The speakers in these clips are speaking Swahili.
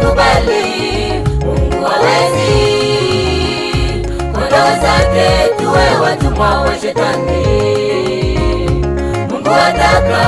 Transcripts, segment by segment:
tukikubali, Mungu hawezi. Ondoa zake tuwe watumwa wa Shetani, Mungu ataka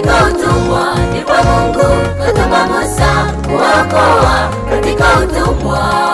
katika utumwa, ndipo Mungu katuma Musa kuwaokoa katika utumwa.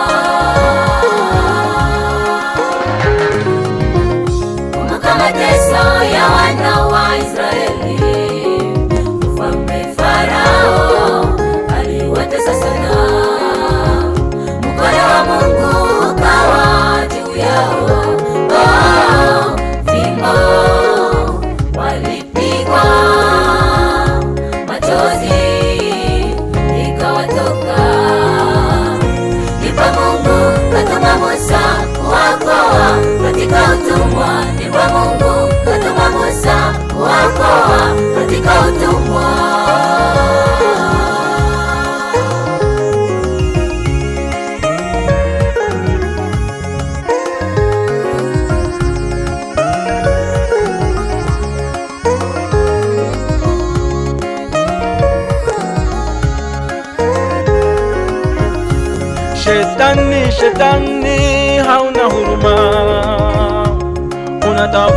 Shetani, shetani hauna huruma unata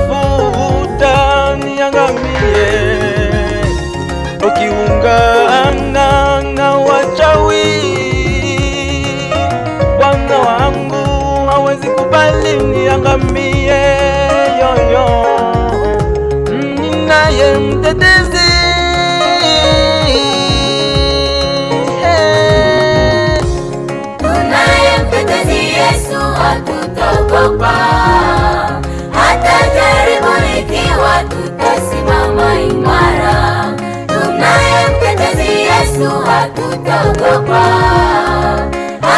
ataogopa,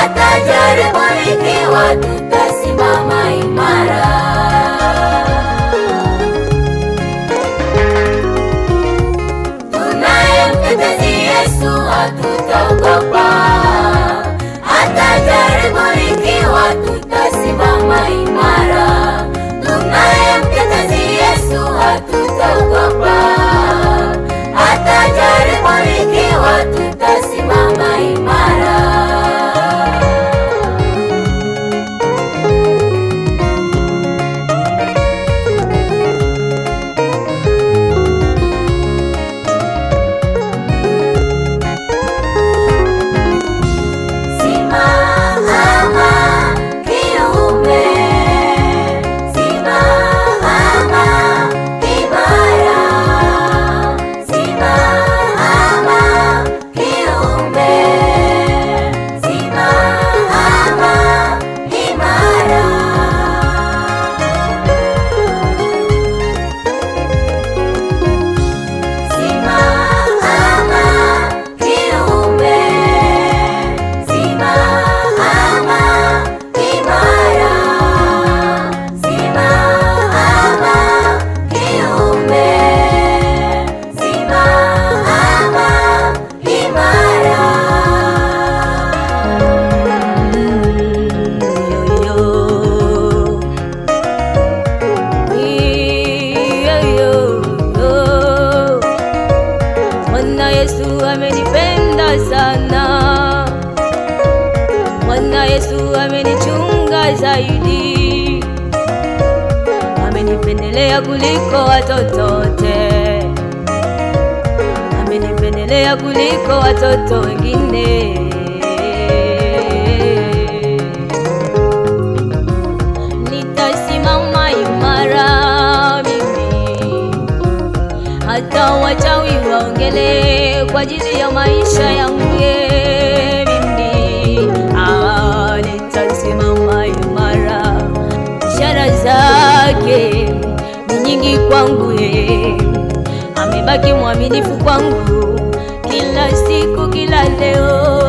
atajaribu ikiwa amenipendelea kuliko watoto wote, amenipendelea kuliko watoto wengine. Nitasimama imara mimi, hata wachawi waongelee kwa ajili ya maisha yangu mimi. Ah, nitasimama imara, ishara zake msingi kwangu ye, amebaki mwaminifu kwangu kila siku, kila leo.